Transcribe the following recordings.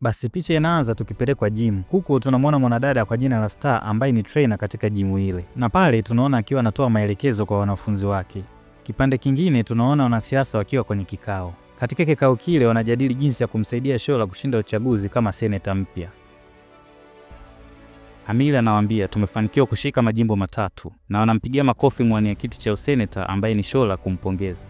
Basi picha inaanza tukipelekwa jimu. Huku tunamwona mwanadada kwa jina la Star ambaye ni trainer katika jimu ile, na pale tunaona akiwa anatoa maelekezo kwa wanafunzi wake. Kipande kingine tunaona wanasiasa wakiwa kwenye kikao. Katika kikao kile wanajadili jinsi ya kumsaidia Shola kushinda uchaguzi kama seneta mpya. Amila anawaambia tumefanikiwa kushika majimbo matatu, na wanampigia makofi mwania kiti cha useneta ambaye ni Shola kumpongeza.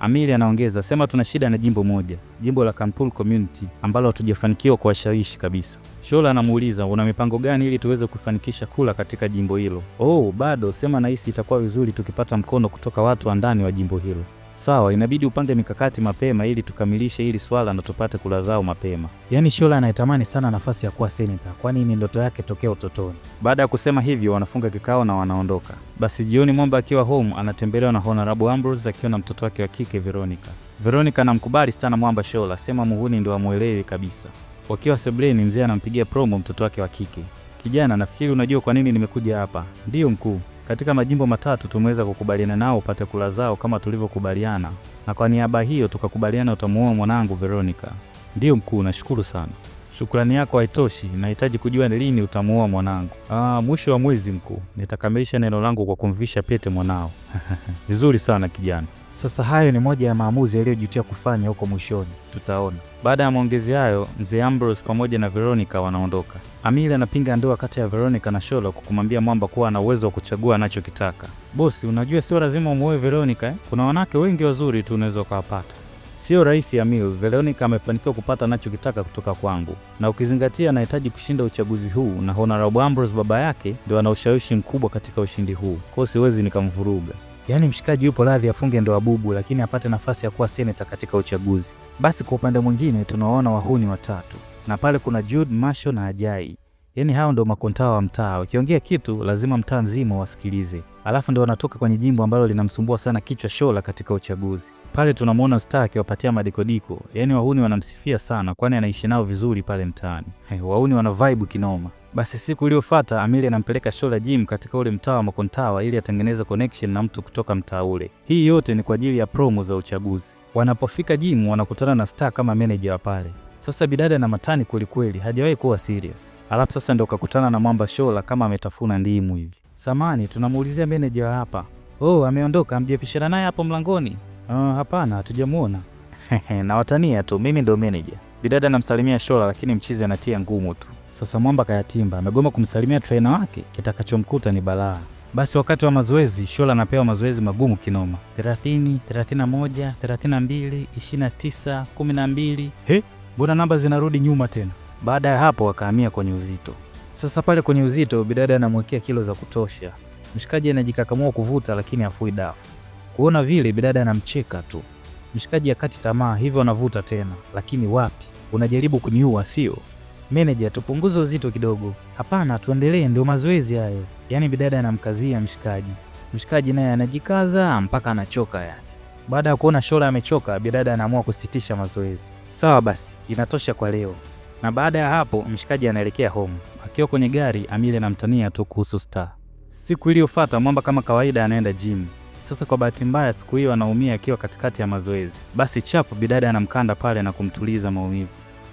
Amiri anaongeza sema, tuna shida na jimbo moja, jimbo la Kampul Community ambalo hatujafanikiwa kuwashawishi kabisa. Shola anamuuliza una mipango gani ili tuweze kufanikisha kula katika jimbo hilo? Oh, bado sema, nahisi itakuwa vizuri tukipata mkono kutoka watu wa ndani wa jimbo hilo. Sawa, inabidi upange mikakati mapema ili tukamilishe hili swala na tupate kula zao mapema. Yaani Shola anayetamani sana nafasi ya kuwa seneta, kwani ni ndoto yake tokea utotoni. Baada ya kusema hivyo, wanafunga kikao na wanaondoka. Basi jioni, Momba akiwa home anatembelewa na Honorable Ambrose akiwa na mtoto wake wa kike Veronica. Veronica anamkubali sana Mwamba Shola, sema muhuni ndio amwelewi kabisa. Wakiwa sebuleni, mzee anampigia promo mtoto wake wa kike. Kijana, nafikiri unajua kwa nini nimekuja hapa. Ndiyo mkuu. Katika majimbo matatu tumeweza kukubaliana nao upate kula zao kama tulivyokubaliana, na kwa niaba hiyo tukakubaliana utamuoa mwanangu Veronica. Ndiyo mkuu, nashukuru sana. Shukrani yako haitoshi, nahitaji kujua ni lini utamuoa mwanangu. Aa, ah, mwisho wa mwezi mkuu, nitakamilisha neno langu kwa kumvisha pete mwanao. Vizuri sana kijana. Sasa hayo ni moja ya maamuzi yaliyojutia kufanya huko mwishoni, tutaona. Baada ya maongezi hayo, mzee Ambrose pamoja na Veronica wanaondoka. Amili anapinga ndoa kati ya Veronica na Sholo kwa kumwambia Mwamba kuwa ana uwezo wa kuchagua anachokitaka. Bosi, unajua sio lazima umuoe Veronica eh? Kuna wanawake wengi wazuri tu unaweza ukawapata. Sio rahisi Amil, Veronica amefanikiwa kupata anachokitaka kutoka kwangu, na ukizingatia anahitaji kushinda uchaguzi huu na Honorable Ambrose baba yake ndio ana ushawishi mkubwa katika ushindi huu, kwa siwezi nikamvuruga. Yaani mshikaji yupo radhi afunge ndoa bubu, lakini apate nafasi ya kuwa seneta katika uchaguzi. Basi kwa upande mwingine tunawaona wahuni watatu, na pale kuna Jude, Marshall na Ajai. Yaani hao ndo makontawa wa mtaa, wakiongea kitu lazima mtaa mzima wasikilize, alafu ndo wanatoka kwenye jimbo ambalo linamsumbua sana kichwa shola katika uchaguzi. Pale tunamwona Star akiwapatia madikodiko, yaani wahuni wanamsifia sana, kwani anaishi nao vizuri pale mtaani. Hey, eh, wahuni wana vibe kinoma. Basi siku iliyofuata Amiri anampeleka Shola Jim katika ule mtaa wa makontawa ili atengeneze connection na mtu kutoka mtaa ule. Hii yote ni kwa ajili ya promo za uchaguzi. Wanapofika Jim wanakutana na Star kama manager wa pale. Sasa bidada na matani kweli kweli, hajawahi kuwa serious. Alafu sasa ndo kakutana na mwamba shola kama ametafuna ndimu hivi. Samani, tunamuulizia meneja wa hapa. Oh, ameondoka, mjepishana naye hapo mlangoni. Uh, hapana, hatujamuona. na watania tu, mimi ndo meneja. Bidada namsalimia Shola, lakini mchizi anatia ngumu tu. Sasa mwamba kayatimba, amegoma kumsalimia trainer wake, kitakachomkuta ni balaa. Basi wakati wa mazoezi Shola anapewa mazoezi magumu kinoma: 30, 31, 32, 29, 12. He, Mbona namba zinarudi nyuma tena? Baada ya hapo wakahamia kwenye uzito. Sasa pale kwenye uzito, bidada anamwekea kilo za kutosha. Mshikaji anajikakamua kuvuta, lakini afui dafu. Kuona vile, bidada anamcheka tu. Mshikaji akati tamaa, hivyo anavuta tena, lakini wapi, unajaribu kuniua sio? Meneja, tupunguze uzito kidogo. Hapana, tuendelee, ndio mazoezi hayo. Yaani bidada anamkazia mshikaji, mshikaji naye anajikaza mpaka anachoka yani. Baada ya kuona Shola amechoka, bidada anaamua kusitisha mazoezi. Sawa basi, inatosha kwa leo. Na baada ya hapo mshikaji anaelekea home. Akiwa kwenye gari, Amili anamtania tu kuhusu Star. Siku iliyofuata Mwamba kama kawaida anaenda gym. Sasa kwa bahati mbaya siku hiyo anaumia akiwa katikati ya mazoezi. Basi chapo bidada anamkanda pale na kumtuliza maumivu.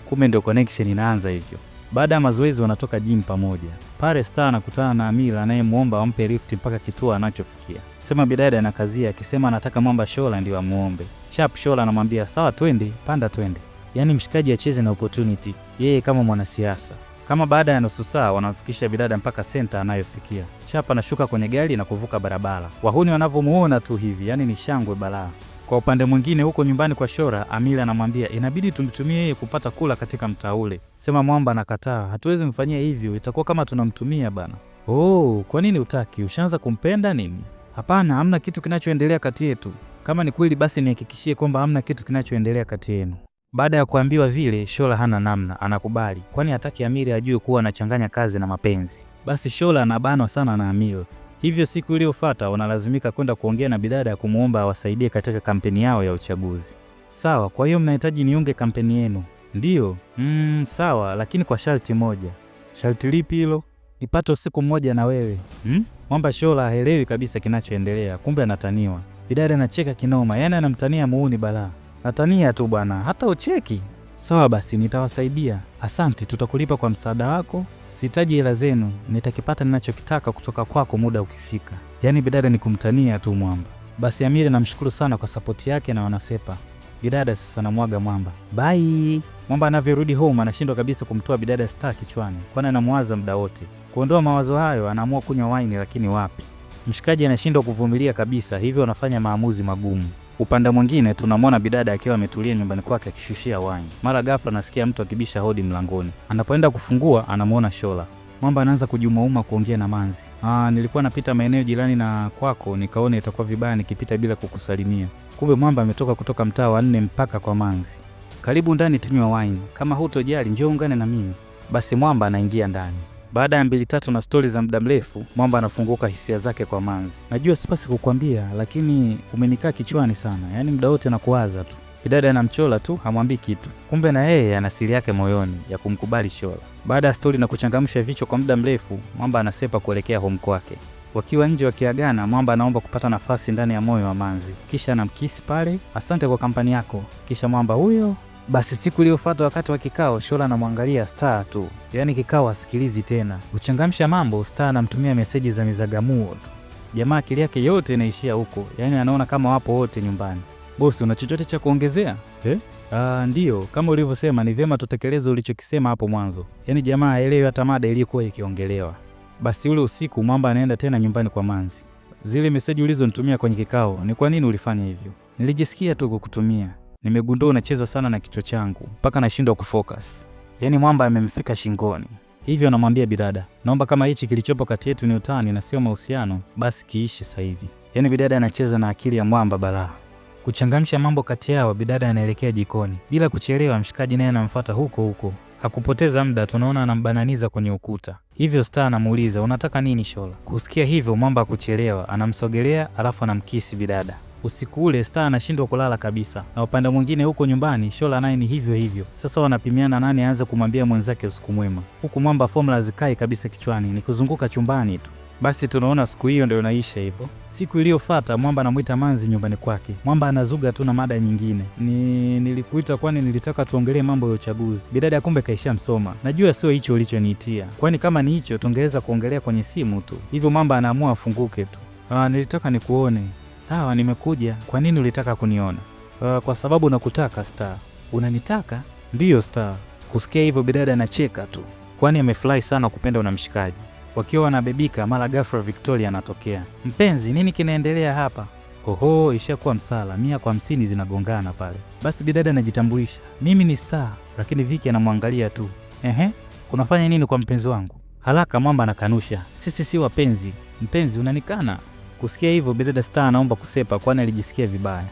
Kumbe ndio connection inaanza hivyo. Baada ya mazoezi wanatoka jimu pamoja. Pale Star anakutana na Amira anayemwomba ampe lift mpaka kituo anachofikia. Sema bidada anakazia akisema anataka mwamba Shola ndio amuombe. Chap Shola anamwambia sawa, twende, panda twende. Yaani mshikaji acheze na opportunity yeye kama mwanasiasa. Kama baada ya nusu saa wanamfikisha bidada mpaka senta anayofikia. Chap anashuka kwenye gari na kuvuka barabara. Wahuni wanavyomuona tu hivi, yani ni shangwe balaa. Kwa upande mwingine, huko nyumbani kwa Shora, Amira anamwambia inabidi tumtumie yeye kupata kula katika mtaa ule. Sema Mwamba anakataa, hatuwezi mfanyia hivyo, itakuwa kama tunamtumia bana. Oh, kwa nini utaki? Ushaanza kumpenda nini? Hapana, hamna kitu kinachoendelea kati yetu. Kama ni kweli basi nihakikishie kwamba hamna kitu kinachoendelea kati yenu. Baada ya kuambiwa vile, Shola hana namna, anakubali, kwani hataki Amira ajue kuwa anachanganya kazi na mapenzi. Basi Shola anabanwa sana na Amira, Hivyo siku iliyofuata wanalazimika kwenda kuongea na bidada ya kumwomba awasaidie katika kampeni yao ya uchaguzi. Sawa, kwa hiyo mnahitaji niunge kampeni yenu? Ndiyo. Mm, sawa, lakini kwa sharti moja. Sharti lipi hilo? Nipate usiku mmoja na wewe. Hmm? Mwamba Shola haelewi kabisa kinachoendelea, kumbe anataniwa. Bidada anacheka kinoma, yaani anamtania muuni balaa. Natania tu bwana, hata ucheki. Sawa basi, nitawasaidia. Asante, tutakulipa kwa msaada wako Sihitaji hela zenu, nitakipata ninachokitaka kutoka kwako muda ukifika. Yaani bidada ni kumtania tu mwamba. Basi Amiri namshukuru sana kwa sapoti yake na wanasepa. Bidada sasa namwaga mwamba bai. Mwamba anavyorudi home anashindwa kabisa kumtoa bidada star kichwani, kwani anamwaza muda wote. Kuondoa mawazo hayo, anaamua kunywa waini, lakini wapi, mshikaji anashindwa kuvumilia kabisa, hivyo anafanya maamuzi magumu. Upande mwingine tunamwona bidada akiwa ametulia nyumbani kwake akishushia wine. Mara ghafla anasikia mtu akibisha hodi mlangoni. Anapoenda kufungua, anamwona Shola. Mwamba anaanza kujumauma kuongea na Manzi. Ah, nilikuwa napita maeneo jirani na kwako, nikaona itakuwa vibaya nikipita bila kukusalimia. Kumbe Mwamba ametoka kutoka mtaa wa nne mpaka kwa Manzi. Karibu ndani tunywa wine, kama hutojali njoo ungane na mimi. Basi Mwamba anaingia ndani. Baada ya mbili tatu na stori za muda mrefu, Mwamba anafunguka hisia zake kwa Manzi. Najua sipasi kukwambia, lakini umenikaa kichwani sana, yaani muda wote nakuwaza tu. Bidada anamchola tu, hamwambii kitu. Kumbe na yeye ana siri yake moyoni ya kumkubali Shola. Baada ya stori na kuchangamsha vichwa kwa muda mrefu, Mwamba anasepa kuelekea home kwake. Wakiwa nje wakiagana, Mwamba anaomba kupata nafasi ndani ya moyo wa Manzi, kisha anamkisi pale, asante kwa kampani yako. Kisha Mwamba huyo basi siku iliyofuata wakati wa kikao, Shola anamwangalia Star tu, yaani kikao asikilizi tena. Kuchangamsha mambo, Star anamtumia meseji za mizagamuo tu. Jamaa akili yake yote inaishia huko, yaani anaona kama wapo wote nyumbani. Bosi, una chochote cha kuongezea eh? Ah, ndiyo, kama ulivyosema ni vyema tutekeleze ulichokisema hapo mwanzo. Yaani jamaa haelewi hata mada iliyokuwa ikiongelewa. Basi ule usiku Mwamba anaenda tena nyumbani kwa Manzi. Zile meseji ulizonitumia kwenye kikao, ni kwa nini ulifanya hivyo? Nilijisikia tu kukutumia Nimegundua unacheza sana na kichwa changu mpaka nashindwa kufocus. Yaani mwamba amemfika shingoni. Hivyo namwambia bidada, naomba kama hichi kilichopo kati yetu ni utani na sio mahusiano, basi kiishi sasa hivi. Yaani bidada anacheza na akili ya mwamba balaa. Kuchangamsha mambo kati yao, bidada anaelekea jikoni bila kuchelewa. Mshikaji naye anamfuata huko huko, hakupoteza muda, tunaona anambananiza kwenye ukuta. Hivyo Star anamuuliza unataka nini Shola? Kusikia hivyo, mwamba hakuchelewa, anamsogelea alafu anamkisi bidada. Usiku ule Star anashindwa kulala kabisa, na upande mwingine huko nyumbani Shola naye ni hivyo hivyo. Sasa wanapimiana nani aanze kumwambia mwenzake usiku mwema, huku mwamba formula zikai kabisa kichwani, ni kuzunguka chumbani tu. Basi tunaona siku hiyo ndio inaisha hivyo. Siku iliyofuata Mwamba anamwita Manzi nyumbani kwake. Mwamba anazuga tu na mada nyingine, ni nilikuita kwani nilitaka tuongelee mambo ya uchaguzi. Bidada ya kumbe kaisha msoma, najua sio hicho ulichoniitia, kwani kama ni hicho tungeweza kuongelea kwenye simu tu. Hivyo Mwamba anaamua afunguke tu. Ah, nilitaka nikuone sawa, nimekuja. Kwa nini ulitaka kuniona? Uh, kwa sababu nakutaka Star. Unanitaka? Ndiyo Star. Kusikia hivyo bidada anacheka tu, kwani amefurahi sana kupenda unamshikaji. Wakiwa wanabebika, mara ghafla Victoria anatokea. Mpenzi, nini kinaendelea hapa? Oho, ishakuwa msala, mia kwa hamsini zinagongana pale. Basi bidada anajitambulisha, mimi ni Star, lakini Viki anamwangalia tu. Ehe, unafanya nini kwa mpenzi wangu? Haraka mwamba anakanusha, sisi si wapenzi. Mpenzi, unanikana Kusikia hivyo, Bidada Star anaomba kusepa, kwani alijisikia vibaya.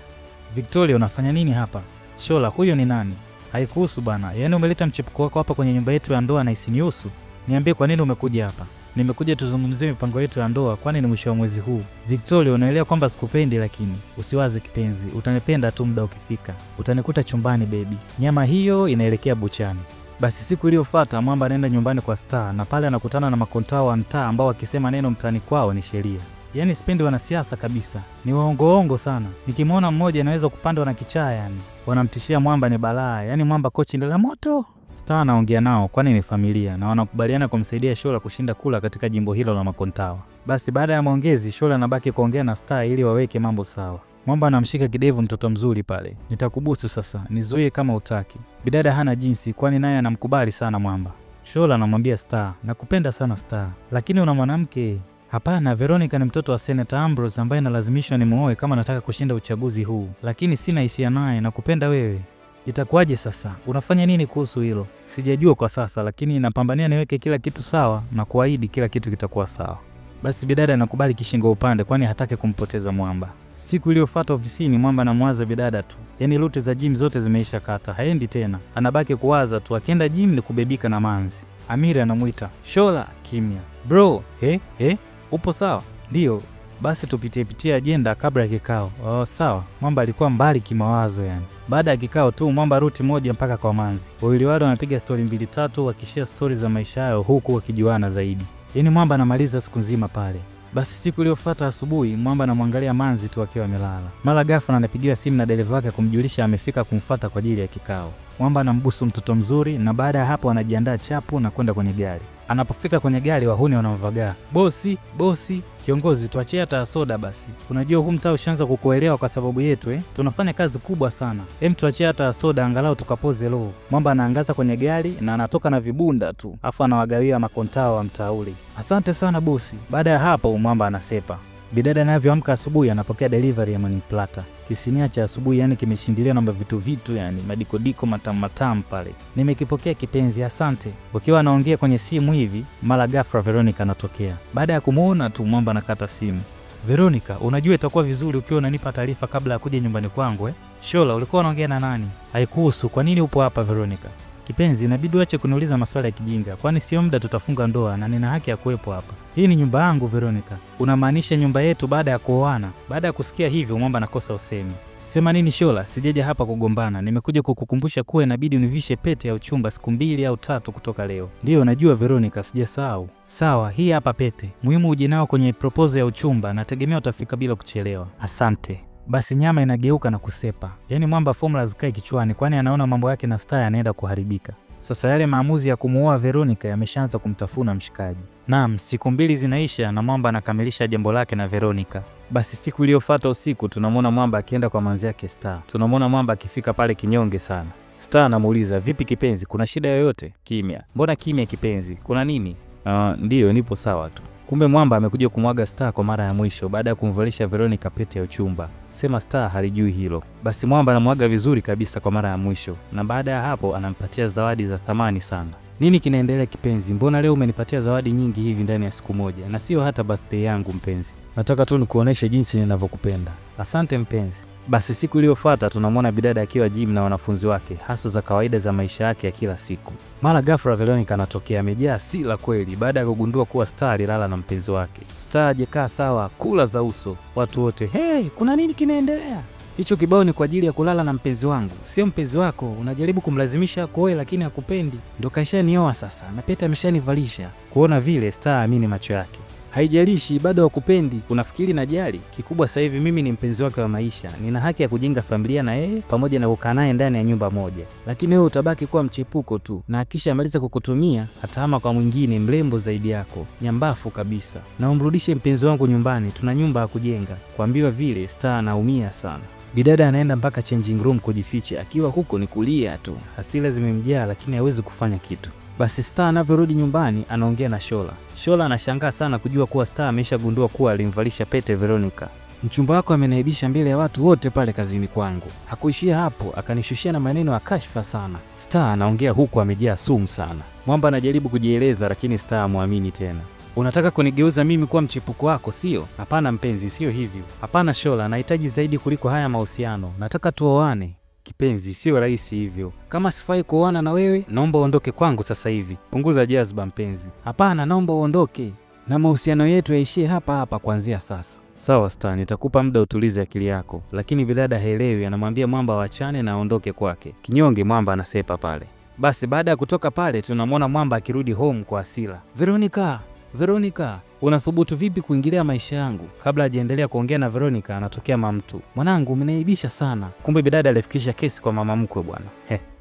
Victoria, unafanya nini hapa? Shola, huyo ni nani? Haikuhusu bana. Yaani umeleta mchepuko wako hapa kwenye nyumba yetu ya ndoa na isinihusu? Niambie kwa nini umekuja hapa? Nimekuja tuzungumzie mipango yetu ya ndoa, kwani ni mwisho wa mwezi huu. Victoria, unaelewa kwamba sikupendi, lakini usiwaze kipenzi, utanipenda tu muda ukifika. Utanikuta chumbani bebi. Nyama hiyo inaelekea buchani. Basi siku iliyofuata Mwamba anaenda nyumbani kwa Star na pale anakutana na makontao wa mtaa ambao wakisema neno mtaani kwao ni sheria. Yaani sipendi wanasiasa kabisa, ni waongoongo sana. Nikimwona mmoja anaweza kupandwa na kichaa, yani wanamtishia mwamba ni balaa, yani mwamba kochi ndala moto. Star anaongea nao kwani ni familia na wanakubaliana kumsaidia Shola kushinda kula katika jimbo hilo la Makontawa. Basi baada ya maongezi, Shola anabaki kuongea na Star ili waweke mambo sawa. Mwamba anamshika kidevu, mtoto mzuri pale, nitakubusu sasa, nizuie kama utaki. Bidada hana jinsi, kwani naye anamkubali sana Mwamba. Shola anamwambia Star, nakupenda sana Star, lakini una mwanamke Hapana, Veronica ni mtoto wa Senator Ambrose ambaye nalazimishwa nimuoe kama nataka kushinda uchaguzi huu, lakini sina hisia naye na kupenda wewe. Itakuwaje sasa? Unafanya nini kuhusu hilo? Sijajua kwa sasa, lakini napambania niweke kila kitu sawa na kuahidi kila kitu kitakuwa sawa. Basi bidada anakubali kishingo upande, kwani hataki kumpoteza Mwamba. Siku iliyofuata ofisini, Mwamba anamwaza bidada tu, yaani lute za gym zote zimeisha kata, haendi tena, anabaki kuwaza tu. Akienda gym ni kubebika na manzi. Amira anamwita Shola, kimya bro. Eh, eh upo sawa? Ndiyo, basi tupitie pitie ajenda kabla ya kikao. Oh, sawa. Mwamba alikuwa mbali kimawazo yani. Baada ya kikao tu Mwamba ruti moja mpaka kwa Manzi. Wawili wale wanapiga stori mbili tatu, wakishia stori za maisha yao huku wakijuana zaidi. Yaani Mwamba anamaliza siku nzima pale. Basi siku iliyofuata asubuhi, Mwamba anamwangalia Manzi tu akiwa amelala. Mara ghafla anapigiwa simu na dereva wake kumjulisha amefika kumfata kwa ajili ya kikao. Mwamba anambusu mtoto mzuri na baada ya hapo anajiandaa chapu na kwenda kwenye gari. Anapofika kwenye gari, wahuni wanamvagaa, bosi bosi. Kiongozi, tuachie hata soda basi, unajua huu mtaa ushaanza kukuelewa kwa sababu yetu eh? Tunafanya kazi kubwa sana, hem, tuachie hata soda angalau tukapoze roho. Mwamba anaangaza kwenye gari na anatoka na vibunda tu, afu anawagawia makontao wa mtaa ule. Asante sana bosi. Baada ya hapo, Mwamba anasepa. Bidada anavyoamka asubuhi anapokea delivery ya morning platter. Kisinia cha asubuhi yani kimeshindilia namba vitu vitu yani madiko matamu matamu pale. Nimekipokea kipenzi, asante. Wakiwa anaongea kwenye simu hivi, mara ghafla Veronica anatokea. Baada ya kumuona tu mwamba anakata simu. Veronica, unajua itakuwa vizuri ukiwa unanipa taarifa kabla ya kuja nyumbani kwangu eh? Shola, ulikuwa unaongea na nani? Haikuhusu, kwa nini upo hapa Veronica? Kipenzi, inabidi uache kuniuliza maswali ya kijinga, kwani sio muda tutafunga ndoa na nina haki ya kuwepo hapa. Hii ni nyumba yangu Veronica. Unamaanisha nyumba yetu baada ya kuoana? Baada ya kusikia hivyo, mwamba nakosa usemi. Sema nini Shola, sijaja hapa kugombana. Nimekuja kukukumbusha kuwa inabidi univishe pete ya uchumba siku mbili au tatu kutoka leo. Ndiyo najua Veronica, sijasahau. Sawa, hii hapa pete, muhimu uje nao kwenye proposal ya uchumba. Nategemea utafika bila kuchelewa. Asante basi nyama inageuka na kusepa. Yaani mwamba formula zikae kichwani, kwani anaona mambo yake na star yanaenda kuharibika. Sasa yale maamuzi ya kumuoa Veronica yameshaanza kumtafuna mshikaji. Naam, siku mbili zinaisha na mwamba anakamilisha jambo lake na Veronica. Basi siku iliyofuata usiku, tunamwona mwamba akienda kwa manzi yake Star. Tunamwona mwamba akifika pale kinyonge sana. Star anamuuliza vipi kipenzi, kuna shida yoyote? Kimya. Mbona kimya kipenzi, kuna nini? Uh, ah, ndiyo nipo sawa tu. Kumbe Mwamba amekuja kumwaga Star kwa mara ya mwisho baada ya kumvalisha Veronica pete ya uchumba. Sema Star halijui hilo. Basi Mwamba anamwaga vizuri kabisa kwa mara ya mwisho, na baada ya hapo anampatia zawadi za thamani sana. Nini kinaendelea kipenzi? Mbona leo umenipatia zawadi nyingi hivi ndani ya siku moja, na sio hata birthday yangu mpenzi? Nataka tu nikuoneshe jinsi ninavyokupenda. Asante mpenzi. Basi siku iliyofuata tunamwona bidada akiwa gym na wanafunzi wake, hasa za kawaida za maisha yake ya kila siku. Mara ghafla Veronica anatokea amejaa la kweli, baada ya kugundua kuwa Star alilala na mpenzi wake. Star hajakaa sawa, kula za uso. Watu wote hey, kuna nini kinaendelea? Hicho kibao ni kwa ajili ya kulala na mpenzi wangu, sio mpenzi wako. Unajaribu kumlazimisha kuoe, lakini hakupendi. Ndo kaishanioa sasa na pete ameshanivalisha. Kuona vile Star aamini macho yake haijalishi bado wakupendi, unafikiri najali? Kikubwa sasa hivi mimi ni mpenzi wake wa maisha, nina haki ya kujenga familia na yeye pamoja na kukaa naye ndani ya nyumba moja, lakini wewe utabaki kuwa mchepuko tu, na akisha amaliza kukutumia atahama kwa mwingine mrembo zaidi yako, nyambafu kabisa. Na umrudishe mpenzi wangu nyumbani, tuna nyumba ya kujenga. Kuambiwa vile, Star anaumia sana. Bidada anaenda mpaka changing room kujificha, akiwa huko ni kulia tu. Hasira zimemjaa, lakini hawezi kufanya kitu. Basi Star anavyorudi nyumbani anaongea na Shola. Shola anashangaa sana kujua kuwa Star ameshagundua kuwa alimvalisha pete Veronica. Mchumba wako amenaibisha mbele ya watu wote pale kazini kwangu. Hakuishia hapo, akanishushia na maneno ya kashfa sana. Star anaongea huku amejaa sumu sana. Mwamba anajaribu kujieleza, lakini Star amwamini tena. Unataka kunigeuza mimi kuwa mchepuko wako, sio? Hapana mpenzi, siyo hivyo. Hapana Shola, nahitaji zaidi kuliko haya mahusiano. Nataka tuoane. Kipenzi, sio rahisi hivyo. Kama sifai kuoana na wewe, naomba uondoke kwangu sasa hivi. Punguza jazba mpenzi. Hapana, naomba uondoke na mahusiano yetu yaishie hapa hapa kuanzia sasa. Sawa sta, nitakupa muda utulize akili yako, lakini bidada haelewi, anamwambia Mwamba wachane na aondoke kwake. Kinyonge Mwamba anasepa pale. Basi baada ya kutoka pale, tunamwona Mwamba akirudi home kwa hasira. Veronica Veronica, unathubutu vipi kuingilia maisha yangu? Kabla hajaendelea kuongea na Veronica, anatokea mamtu, mwanangu, umeniaibisha sana. Kumbe bidada alifikisha kesi kwa mama mkwe bwana,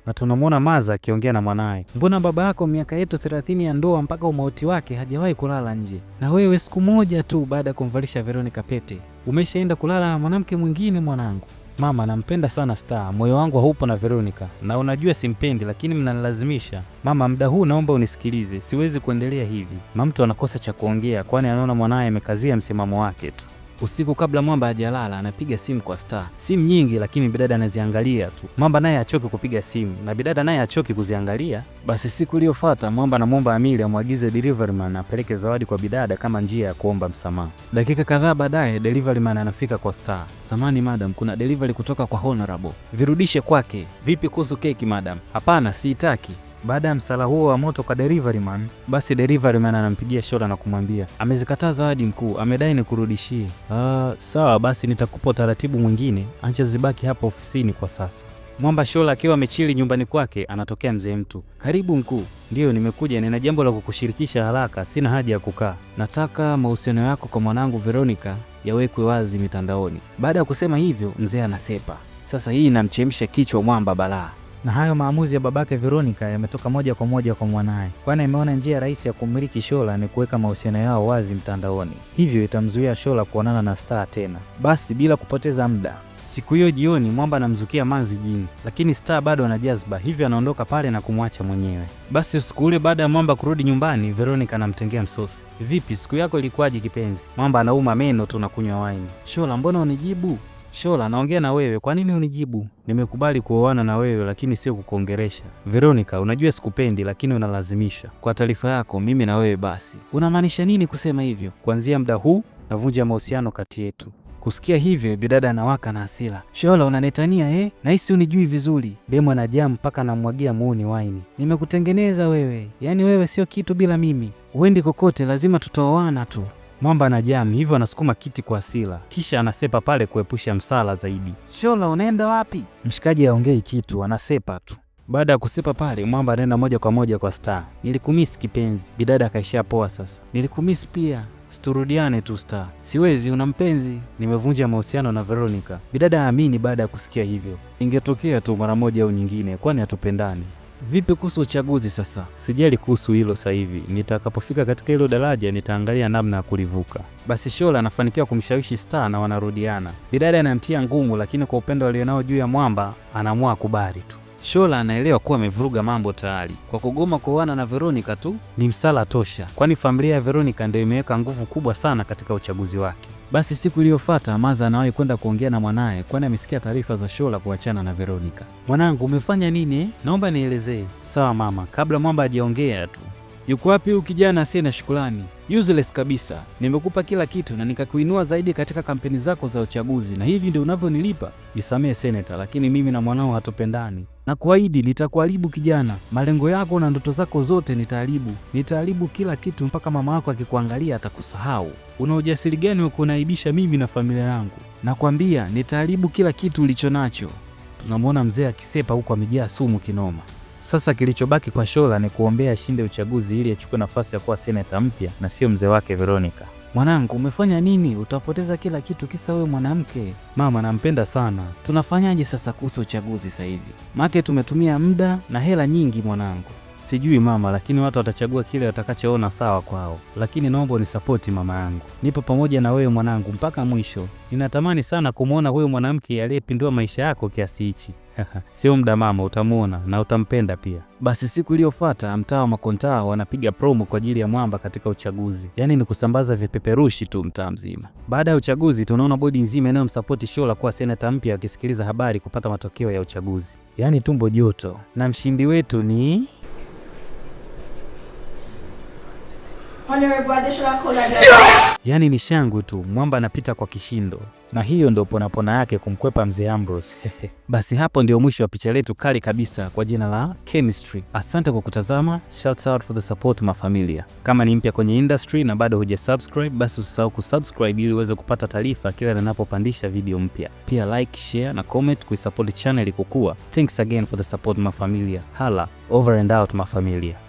na tunamwona Maza akiongea na mwanaye. Mbona baba yako miaka yetu thelathini ya ndoa mpaka umauti wake hajawahi kulala nje, na wewe siku moja tu baada ya kumvalisha Veronica pete umeshaenda kulala na mwanamke mwingine, mwanangu. Mama, nampenda sana Star, moyo wangu haupo na Veronica, na unajua simpendi, lakini mnanilazimisha. Mama, muda huu naomba unisikilize, siwezi kuendelea hivi. Mamto anakosa cha kuongea, kwani anaona mwanaye amekazia msimamo wake tu. Usiku kabla Mwamba hajalala anapiga simu kwa Star, simu nyingi, lakini bidada anaziangalia tu. Mwamba naye achoke kupiga simu na bidada naye achoke kuziangalia. Basi siku iliyofuata Mwamba anamwomba amili amwagize deliveryman apeleke zawadi kwa bidada kama njia ya kuomba msamaha. Dakika kadhaa baadaye deliveryman anafika kwa Star. Samani madam, kuna delivery kutoka kwa Honorable, virudishe kwake. Vipi kuhusu keki madam? Hapana, siitaki. Baada ya msala huo wa moto kwa deliveryman, basi deliveryman anampigia Shola na kumwambia amezikataa zawadi mkuu, amedai nikurudishie. Ah, sawa basi nitakupa utaratibu mwingine, acha zibaki hapa ofisini kwa sasa. Mwamba Shola akiwa amechili nyumbani kwake, anatokea mzee mtu. Karibu mkuu. Ndiyo, nimekuja, nina jambo la kukushirikisha haraka, sina haja ya kukaa. Nataka mahusiano yako kwa mwanangu Veronica yawekwe wazi mitandaoni. Baada ya kusema hivyo, mzee anasepa. Sasa hii inamchemsha kichwa Mwamba balaa na hayo maamuzi ya babake Veronica yametoka moja kwa moja kwa mwanaye, kwani ameona njia rahisi ya kumiliki Shola ni kuweka mahusiano yao wazi mtandaoni, hivyo itamzuia Shola kuonana na Star tena. Basi bila kupoteza muda Siku hiyo jioni Mwamba anamzukia Manzi jini, lakini Star bado ana jazba, hivyo anaondoka pale na kumwacha mwenyewe. Basi usiku ule baada ya Mwamba kurudi nyumbani, Veronica anamtengea msosi. Vipi siku yako ilikuwaje kipenzi? Mwamba anauma meno tu na kunywa waini. Shola, mbona unijibu? Shola, naongea na wewe, kwa nini unijibu? Nimekubali kuoana na wewe lakini sio kukuongeresha. Veronica, unajua sikupendi lakini unalazimisha. Kwa taarifa yako, mimi na wewe basi. Unamaanisha nini kusema hivyo? Kuanzia muda huu navunja mahusiano kati yetu. Kusikia hivyo, bidada anawaka na hasira. Shola, unanetania eh? Nahisi unijui vizuri. Demu anajaa mpaka namwagia muuni waini. Nimekutengeneza wewe, yaani wewe sio kitu bila mimi, huendi kokote, lazima tutaoana tu. Mwamba na jami hivyo anasukuma kiti kwa hasira, kisha anasepa pale kuepusha msala zaidi. Shola, unaenda wapi? Mshikaji aongei kitu, anasepa tu. Baada ya kusepa pale, Mwamba anaenda moja kwa moja kwa Star. Nilikumisi kipenzi, bidada akaishia poa sasa. Nilikumisi pia Siturudiane tu Star, siwezi, una mpenzi. Nimevunja mahusiano na Veronica. Bidada aamini baada ya kusikia hivyo, ingetokea tu mara moja au nyingine, kwani hatupendani. Vipi kuhusu uchaguzi sasa? Sijali kuhusu hilo sasa hivi, nitakapofika katika hilo daraja nitaangalia namna ya kulivuka. Basi Shola anafanikiwa kumshawishi Star na wanarudiana. Bidada anamtia ngumu, lakini kwa upendo alionao juu ya mwamba anaamua akubali tu. Shola anaelewa kuwa amevuruga mambo tayari kwa kugoma kuoana na Veronica tu ni msala tosha, kwani familia ya Veronica ndio imeweka nguvu kubwa sana katika uchaguzi wake. Basi siku iliyofuata Maza anawahi kwenda kuongea na mwanaye, kwani amesikia taarifa za Shola kuachana na Veronica. Mwanangu, umefanya nini? Naomba nielezee. Sawa mama, kabla mwamba hajaongea tu Yuko wapi huyu kijana asiye na shukrani? Useless kabisa. Nimekupa kila kitu na nikakuinua zaidi katika kampeni zako za uchaguzi, na hivi ndio unavyonilipa? Nisamehe seneta, lakini mimi na mwanao hatupendani na kuahidi nitakuharibu kijana. Malengo yako na ndoto zako zote nitaharibu, nitaharibu kila kitu, mpaka mama yako akikuangalia atakusahau. Una ujasiri gani wa kunaibisha mimi na familia yangu? Nakwambia nitaharibu kila kitu ulicho nacho. Tunamwona mzee akisepa huko amejaa sumu kinoma. Sasa kilichobaki kwa Shola ni kuombea ashinde uchaguzi ili achukue nafasi ya kuwa seneta mpya na sio mzee wake Veronica. Mwanangu, umefanya nini? Utapoteza kila kitu kisa wewe mwanamke. Mama, nampenda sana. Tunafanyaje sasa kuhusu uchaguzi sasa hivi? Make tumetumia muda na hela nyingi mwanangu. Sijui mama, lakini watu watachagua kile watakachoona sawa kwao, lakini naomba unisapoti mama yangu. Nipo pamoja na wewe mwanangu mpaka mwisho. Ninatamani sana kumwona huyo mwanamke aliyepindua maisha yako kiasi hichi. Sio muda mama, utamwona na utampenda pia. Basi siku iliyofuata mtaa wa Makontaa wanapiga promo kwa ajili ya Mwamba katika uchaguzi, yaani ni kusambaza vipeperushi tu mtaa mzima. Baada ya uchaguzi, tunaona bodi nzima inayomsapoti Shola kuwa seneta mpya akisikiliza habari kupata matokeo ya uchaguzi, yaani tumbo joto, na mshindi wetu ni yani Yaani ni shangu tu, mwamba anapita kwa kishindo, na hiyo ndio ponapona yake kumkwepa mzee Ambrose. Basi hapo ndio mwisho wa picha letu kali kabisa kwa jina la Chemistry. Asante kwa kutazama, shout out for the support mafamilia. Kama ni mpya kwenye industry na bado huja subscribe, basi usisahau kusubscribe ili uweze kupata taarifa kila ninapopandisha video mpya. Pia like, share na comment kuisupport channel kukua. Thanks again for the support mafamilia. Hala, over and out mafamilia.